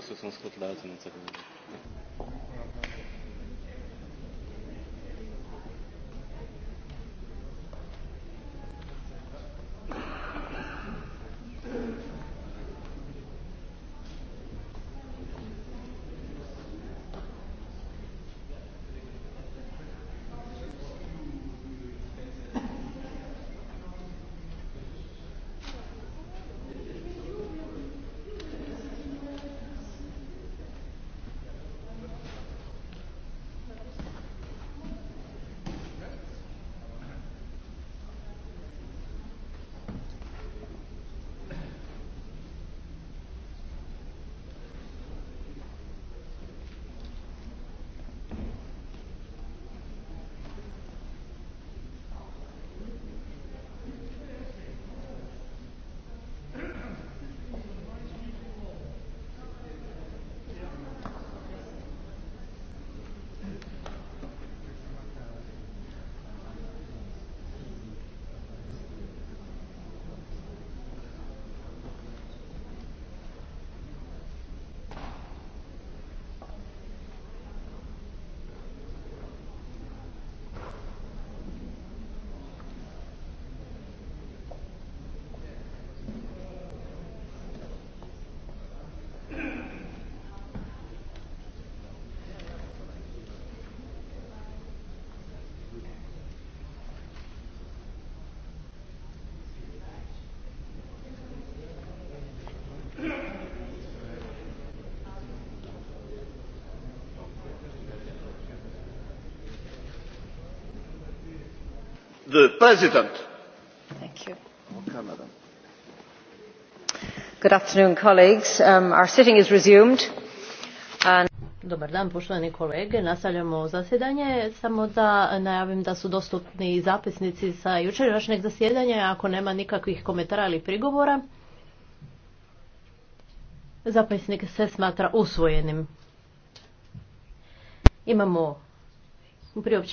to su sam the president. Good afternoon, colleagues. Um, our sitting is resumed. Dobar dan, poštovani kolege. Nastavljamo zasjedanje. Samo da najavim da su dostupni zapisnici sa jučerašnjeg zasjedanja. Ako nema nikakvih komentara ili prigovora, zapisnik se smatra usvojenim. Imamo priopćenje.